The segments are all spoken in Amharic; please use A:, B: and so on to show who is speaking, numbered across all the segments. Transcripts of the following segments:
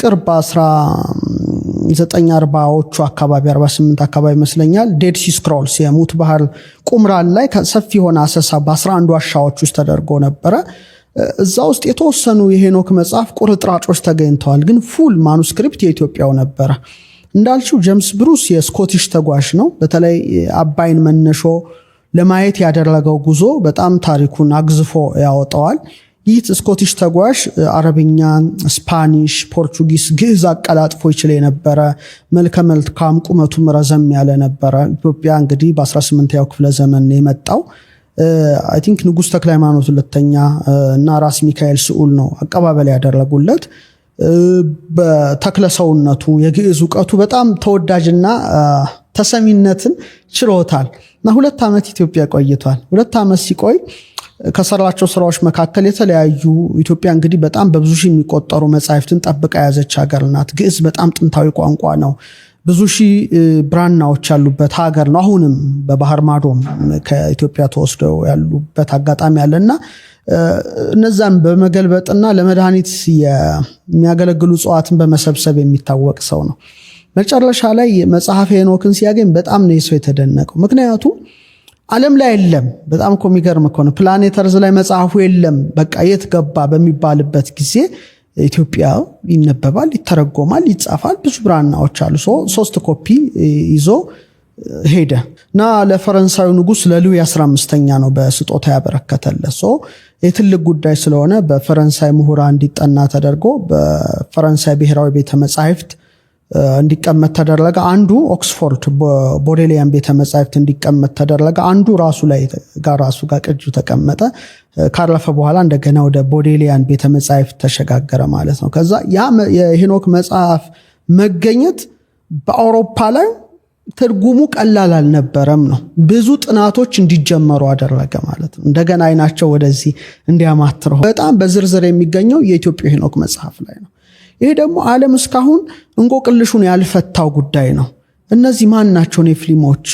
A: ቅርብ 1940ዎቹ አካባቢ 48 አካባቢ ይመስለኛል ዴድ ሲ ስክሮልስ የሙት ባህር ቁምራን ላይ ሰፊ የሆነ አሰሳ በ11 ዋሻዎች ውስጥ ተደርጎ ነበረ። እዛ ውስጥ የተወሰኑ የሄኖክ መጽሐፍ ቁርጥራጮች ተገኝተዋል። ግን ፉል ማኑስክሪፕት የኢትዮጵያው ነበረ። እንዳልችው ጀምስ ብሩስ የስኮቲሽ ተጓዥ ነው። በተለይ አባይን መነሾ ለማየት ያደረገው ጉዞ በጣም ታሪኩን አግዝፎ ያወጣዋል። ይህ ስኮቲሽ ተጓዥ አረብኛ፣ ስፓኒሽ፣ ፖርቹጊስ፣ ግዕዝ አቀላጥፎ ይችል የነበረ መልከ መልካም ቁመቱም ረዘም ያለ ነበረ። ኢትዮጵያ እንግዲህ በ18ኛው ክፍለ ዘመን የመጣው አይ ቲንክ ንጉሥ ተክለ ሃይማኖት ሁለተኛ እና ራስ ሚካኤል ስዑል ነው አቀባበል ያደረጉለት። በተክለ ሰውነቱ የግዕዝ እውቀቱ በጣም ተወዳጅና ተሰሚነትን ችሎታል እና ሁለት ዓመት ኢትዮጵያ ቆይቷል። ሁለት ዓመት ሲቆይ ከሰራቸው ስራዎች መካከል የተለያዩ ኢትዮጵያ እንግዲህ በጣም በብዙ ሺህ የሚቆጠሩ መጽሐፍትን ጠብቃ የያዘች ሀገር ናት። ግዕዝ በጣም ጥንታዊ ቋንቋ ነው። ብዙ ሺህ ብራናዎች ያሉበት ሀገር ነው። አሁንም በባህር ማዶም ከኢትዮጵያ ተወስደው ያሉበት አጋጣሚ አለና እነዛን በመገልበጥና ለመድኃኒት የሚያገለግሉ እጽዋትን በመሰብሰብ የሚታወቅ ሰው ነው። መጨረሻ ላይ መጽሐፍ ሄኖክን ሲያገኝ በጣም ነው የሰው የተደነቀው ምክንያቱም ዓለም ላይ የለም። በጣም እኮ የሚገርም እኮ ነው። ፕላኔተርዝ ላይ መጽሐፉ የለም። በቃ የት ገባ በሚባልበት ጊዜ ኢትዮጵያ ይነበባል፣ ይተረጎማል፣ ይጻፋል። ብዙ ብራናዎች አሉ። ሶስት ኮፒ ይዞ ሄደ እና ለፈረንሳዩ ንጉስ ለሉዊ 15ኛ ነው በስጦታ ያበረከተለት። የትልቅ ጉዳይ ስለሆነ በፈረንሳይ ምሁራን እንዲጠና ተደርጎ በፈረንሳይ ብሔራዊ ቤተ መጻሕፍት እንዲቀመጥ ተደረገ። አንዱ ኦክስፎርድ ቦዴሊያን ቤተ መጻሕፍት እንዲቀመጥ ተደረገ። አንዱ ራሱ ላይ ጋር ራሱ ጋር ቅጁ ተቀመጠ። ካረፈ በኋላ እንደገና ወደ ቦዴሊያን ቤተ መጻሕፍት ተሸጋገረ ማለት ነው። ከዛ ያ የሄኖክ መጽሐፍ መገኘት በአውሮፓ ላይ ትርጉሙ ቀላል አልነበረም ነው። ብዙ ጥናቶች እንዲጀመሩ አደረገ ማለት ነው። እንደገና አይናቸው ወደዚህ እንዲያማትረው በጣም በዝርዝር የሚገኘው የኢትዮጵያ ሄኖክ መጽሐፍ ላይ ነው። ይሄ ደግሞ ዓለም እስካሁን እንቆቅልሹን ያልፈታው ጉዳይ ነው። እነዚህ ማን ናቸው ኔፍሊሞች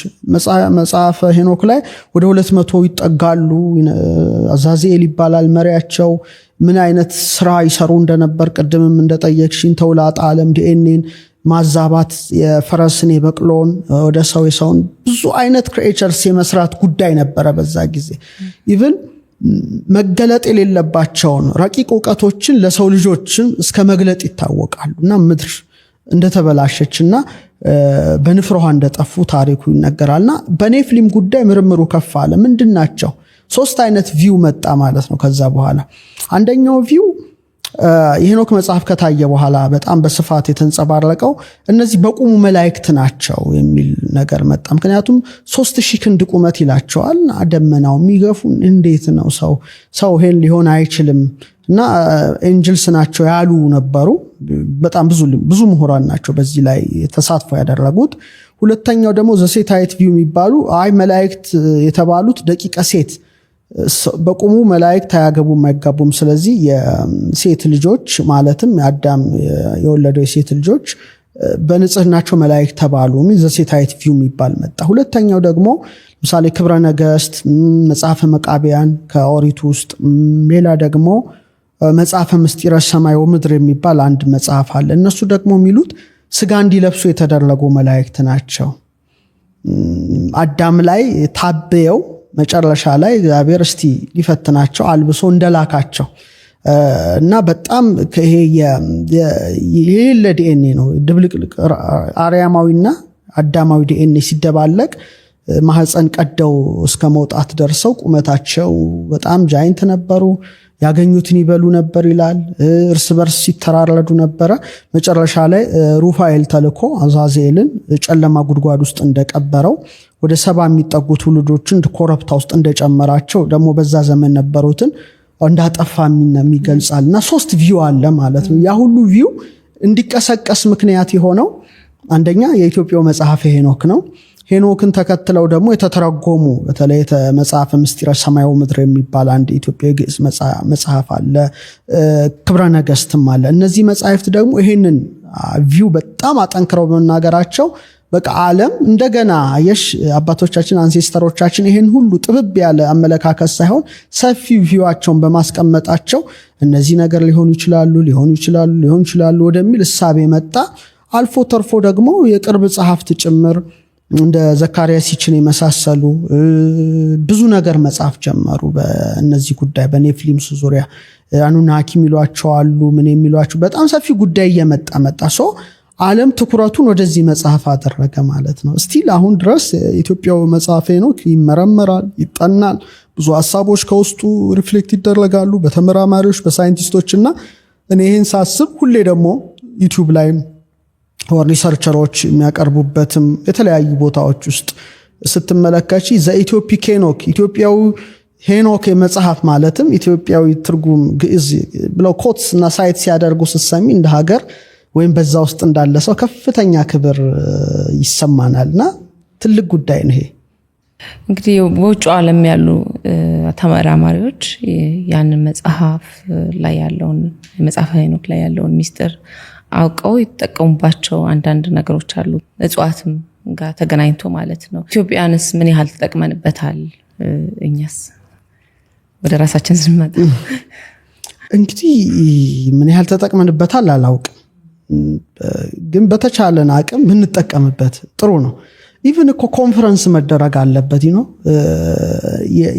A: መጽሐፈ ሄኖክ ላይ ወደ ሁለት መቶ ይጠጋሉ። አዛዚኤል ይባላል መሪያቸው። ምን አይነት ስራ ይሰሩ እንደነበር ቅድምም እንደጠየቅሽን ተውላጥ ዓለም ዲኤንኤን ማዛባት፣ የፈረስን የበቅሎን ወደ ሰው የሰውን ብዙ አይነት ክሬቸርስ የመስራት ጉዳይ ነበረ በዛ ጊዜ ኢቭን መገለጥ የሌለባቸውን ረቂቅ እውቀቶችን ለሰው ልጆችም እስከ መግለጥ ይታወቃሉ እና ምድር እንደተበላሸችና በንፍር ውሃ እንደጠፉ ታሪኩ ይነገራልና በኔፍሊም ጉዳይ ምርምሩ ከፍ አለ። ምንድን ናቸው? ሶስት አይነት ቪው መጣ ማለት ነው። ከዛ በኋላ አንደኛው ቪው የሄኖክ መጽሐፍ ከታየ በኋላ በጣም በስፋት የተንጸባረቀው እነዚህ በቁሙ መላእክት ናቸው የሚል ነገር መጣ። ምክንያቱም ሶስት ሺህ ክንድ ቁመት ይላቸዋል። ደመናው የሚገፉ እንዴት ነው ሰው ሰው ይሄን ሊሆን አይችልም እና ኤንጅልስ ናቸው ያሉ ነበሩ። በጣም ብዙ ምሁራን ናቸው በዚህ ላይ ተሳትፎ ያደረጉት። ሁለተኛው ደግሞ ዘሴታይት ቪው የሚባሉ አይ መላእክት የተባሉት ደቂቀ ሴት በቁሙ መላእክት አያገቡም አይጋቡም። ስለዚህ የሴት ልጆች ማለትም አዳም የወለደው የሴት ልጆች በንጽህናቸው መላእክት ተባሉ። ዘሴታዊት ቪው የሚባል መጣ። ሁለተኛው ደግሞ ለምሳሌ ክብረ ነገስት፣ መጽሐፈ መቃቢያን ከኦሪት ውስጥ ሌላ ደግሞ መጽሐፈ ምስጢረ ሰማይ ወምድር የሚባል አንድ መጽሐፍ አለ። እነሱ ደግሞ የሚሉት ስጋ እንዲለብሱ የተደረጉ መላእክት ናቸው። አዳም ላይ ታበየው መጨረሻ ላይ እግዚአብሔር እስቲ ሊፈትናቸው አልብሶ እንደላካቸው እና በጣም ይሄ የሌለ ዲኤንኤ ነው። ድብልቅልቅ አርያማዊና አዳማዊ ዲኤንኤ ሲደባለቅ ማህፀን ቀደው እስከ መውጣት ደርሰው ቁመታቸው በጣም ጃይንት ነበሩ። ያገኙትን ይበሉ ነበር ይላል። እርስ በርስ ሲተራረዱ ነበረ። መጨረሻ ላይ ሩፋኤል ተልኮ አዛዜልን ጨለማ ጉድጓድ ውስጥ እንደቀበረው ወደ ሰባ የሚጠጉ ትውልዶችን ኮረብታ ውስጥ እንደጨመራቸው ደግሞ በዛ ዘመን ነበሩትን እንዳጠፋ የሚገልጻል እና ሶስት ቪው አለ ማለት ነው። ያ ሁሉ ቪው እንዲቀሰቀስ ምክንያት የሆነው አንደኛ የኢትዮጵያው መጽሐፍ ሄኖክ ነው። ሄኖክን ተከትለው ደግሞ የተተረጎሙ በተለይ መጽሐፈ ምስጢረ ሰማያዊ ምድር የሚባል አንድ ኢትዮጵያ ግዕዝ መጽሐፍ አለ፣ ክብረ ነገስትም አለ። እነዚህ መጽሐፍት ደግሞ ይሄንን ቪው በጣም አጠንክረው በመናገራቸው በቃ ዓለም እንደገና የሽ አባቶቻችን አንሴስተሮቻችን ይህን ሁሉ ጥብብ ያለ አመለካከት ሳይሆን ሰፊ ቪዋቸውን በማስቀመጣቸው እነዚህ ነገር ሊሆኑ ይችላሉ ሊሆኑ ይችላሉ ሊሆኑ ይችላሉ ወደሚል እሳቤ መጣ። አልፎ ተርፎ ደግሞ የቅርብ ጸሐፍት ጭምር እንደ ዘካርያስ ይችን የመሳሰሉ ብዙ ነገር መጻፍ ጀመሩ። በእነዚህ ጉዳይ በኔፍሊምስ ዙሪያ አኑን ሐኪም አሉ ምን የሚሏቸው በጣም ሰፊ ጉዳይ እየመጣ መጣ። ሶ ዓለም ትኩረቱን ወደዚህ መጽሐፍ አደረገ ማለት ነው። ስቲል አሁን ድረስ ኢትዮጵያዊ መጽሐፍ ሄኖክ ይመረመራል፣ ይጠናል። ብዙ ሀሳቦች ከውስጡ ሪፍሌክት ይደረጋሉ በተመራማሪዎች በሳይንቲስቶች እና እኔ ይህን ሳስብ ሁሌ ደግሞ ዩቲዩብ ላይም ወር ሪሰርቸሮች የሚያቀርቡበትም የተለያዩ ቦታዎች ውስጥ ስትመለከች ዘኢትዮፒ ኬኖክ ኢትዮጵያዊ ሄኖክ የመጽሐፍ ማለትም ኢትዮጵያዊ ትርጉም ግዕዝ ብለው ኮትስ እና ሳይት ሲያደርጉ ስሰሚ እንደ ሀገር ወይም በዛ ውስጥ እንዳለ ሰው ከፍተኛ ክብር ይሰማናል ይሰማናልና ትልቅ ጉዳይ ነው ይሄ።
B: እንግዲህ በውጭ ዓለም ያሉ ተመራማሪዎች ያንን መጽሐፍ ላይ ያለውን መጽሐፍ ሄኖክ ላይ ያለውን ሚስጥር አውቀው የተጠቀሙባቸው አንዳንድ ነገሮች አሉ። እጽዋትም ጋር ተገናኝቶ ማለት ነው። ኢትዮጵያንስ ምን ያህል ተጠቅመንበታል? እኛስ ወደ ራሳችን ስንመጣ
A: እንግዲህ ምን ያህል ተጠቅመንበታል አላውቅም፣ ግን በተቻለን አቅም ብንጠቀምበት ጥሩ ነው። ኢቨን እኮ ኮንፈረንስ መደረግ አለበት ነው።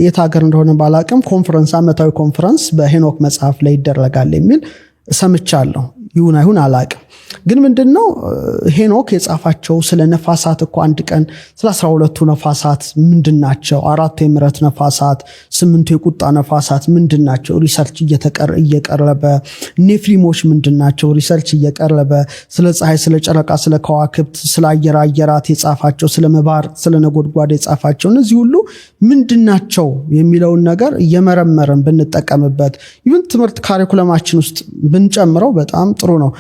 A: የት ሀገር እንደሆነ ባላቅም ኮንፈረንስ፣ አመታዊ ኮንፈረንስ በሄኖክ መጽሐፍ ላይ ይደረጋል የሚል ሰምቻለሁ። you know who I like? ግን ምንድን ነው ሄኖክ የጻፋቸው ስለ ነፋሳት እኮ አንድ ቀን ስለ አስራ ሁለቱ ነፋሳት ምንድን ናቸው፣ አራቱ የምረት ነፋሳት፣ ስምንቱ የቁጣ ነፋሳት ምንድን ናቸው ሪሰርች እየቀረበ ኔፍሊሞች ምንድን ናቸው ሪሰርች እየቀረበ ስለ ፀሐይ፣ ስለ ጨረቃ፣ ስለ ከዋክብት፣ ስለ አየር አየራት የጻፋቸው ስለ መባር፣ ስለ ነጎድጓድ የጻፋቸው እነዚህ ሁሉ ምንድን ናቸው የሚለውን ነገር እየመረመርን ብንጠቀምበት ይብን ትምህርት ካሪኩለማችን ውስጥ ብንጨምረው በጣም ጥሩ ነው።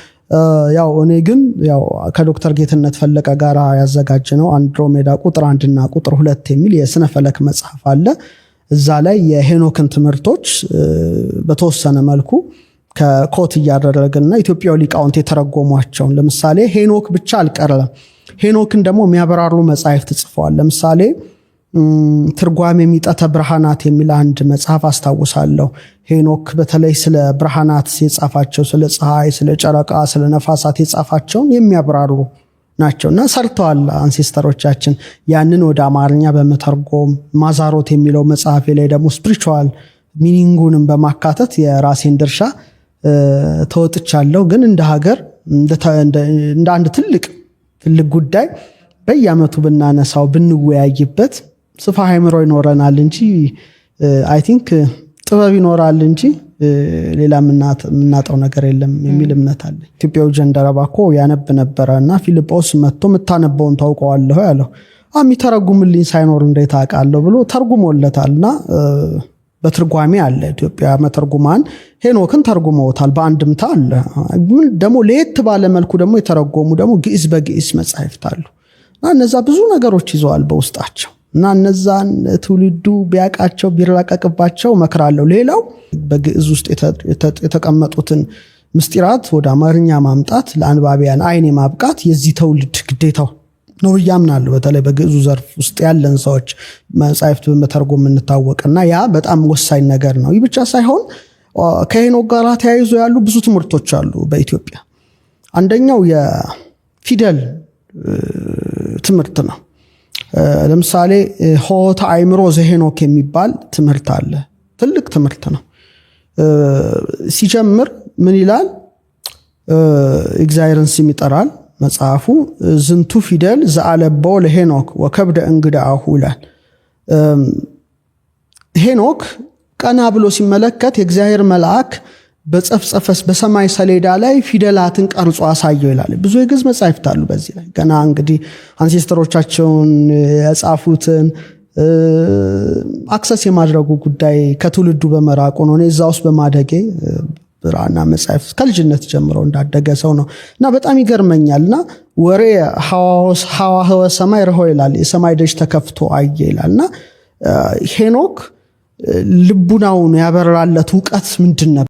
A: ያው እኔ ግን ያው ከዶክተር ጌትነት ፈለቀ ጋር ያዘጋጀ ነው አንድሮሜዳ ቁጥር አንድና ቁጥር ሁለት የሚል የስነ ፈለክ መጽሐፍ አለ። እዛ ላይ የሄኖክን ትምህርቶች በተወሰነ መልኩ ከኮት እያደረግና ኢትዮጵያዊ ሊቃውንት የተረጎሟቸውን ለምሳሌ ሄኖክ ብቻ አልቀረም። ሄኖክን ደግሞ የሚያበራሩ መጽሐፍት ጽፈዋል። ለምሳሌ ትርጓሜ የሚጠተ ብርሃናት የሚል አንድ መጽሐፍ አስታውሳለሁ። ሄኖክ በተለይ ስለ ብርሃናት የጻፋቸው ስለ ፀሐይ፣ ስለ ጨረቃ፣ ስለ ነፋሳት የጻፋቸውን የሚያብራሩ ናቸው እና ሰርተዋል አንሴስተሮቻችን። ያንን ወደ አማርኛ በመተርጎም ማዛሮት የሚለው መጽሐፌ ላይ ደግሞ ስፕሪቹዋል ሚኒንጉንም በማካተት የራሴን ድርሻ ተወጥቻለሁ። ግን እንደ ሀገር እንደ አንድ ትልቅ ትልቅ ጉዳይ በየአመቱ ብናነሳው ብንወያይበት ጽፋ ሃይምሮ ይኖረናል እንጂ አይ ቲንክ ጥበብ ይኖራል እንጂ ሌላ የምናጠው ነገር የለም የሚል እምነት አለ። ኢትዮጵያዊ ጀንደረባ ባኮ ያነብ ነበረ እና ፊልጶስ መጥቶ የምታነበውን ታውቀዋለሁ ያለው የሚተረጉምልኝ ሳይኖር እንዴት አውቃለሁ ብሎ ተርጉሞለታል እና በትርጓሜ አለ። ኢትዮጵያ መተርጉማን ሄኖክን ተርጉመውታል። በአንድምታ አለ። ደግሞ ለየት ባለ መልኩ ደግሞ የተረጎሙ ደግሞ ግዕዝ በግዕዝ መጻሕፍት አሉ እና እነዛ ብዙ ነገሮች ይዘዋል በውስጣቸው እና እነዛን ትውልዱ ቢያቃቸው ቢራቀቅባቸው መክራለሁ። ሌላው በግዕዝ ውስጥ የተቀመጡትን ምስጢራት ወደ አማርኛ ማምጣት ለአንባቢያን አይን ማብቃት የዚህ ትውልድ ግዴታው ነው ብዬ አምናለሁ። በተለይ በግዕዙ ዘርፍ ውስጥ ያለን ሰዎች መጻሕፍት በመተርጎም እና ያ በጣም ወሳኝ ነገር ነው። ይህ ብቻ ሳይሆን ከሄኖክ ጋር ተያይዞ ያሉ ብዙ ትምህርቶች አሉ በኢትዮጵያ። አንደኛው የፊደል ትምህርት ነው። ለምሳሌ ሆታ አይምሮ ዘሄኖክ የሚባል ትምህርት አለ። ትልቅ ትምህርት ነው። ሲጀምር ምን ይላል? እግዚአብሔርን ስም ይጠራል መጽሐፉ። ዝንቱ ፊደል ዘአለቦ ለሄኖክ ወከብደ እንግዳ ይላል። ሄኖክ ቀና ብሎ ሲመለከት የእግዚአብሔር መልአክ በጸፍጸፈስ በሰማይ ሰሌዳ ላይ ፊደላትን ቀርጾ አሳየው ይላል። ብዙ የግዕዝ መጻሕፍት አሉ። በዚህ ላይ ገና እንግዲህ አንሴስተሮቻቸውን የጻፉትን አክሰስ የማድረጉ ጉዳይ ከትውልዱ በመራቁ ነው። እኔ እዛ ውስጥ በማደጌ ብራና መጽሐፍ ከልጅነት ጀምሮ እንዳደገ ሰው ነው እና በጣም ይገርመኛል። እና ወሬ ሐዋህወ ሰማይ ርሆ ይላል የሰማይ ደጅ ተከፍቶ አየ ይላል እና ሄኖክ ልቡናውን ያበራለት እውቀት ምንድን ነበር?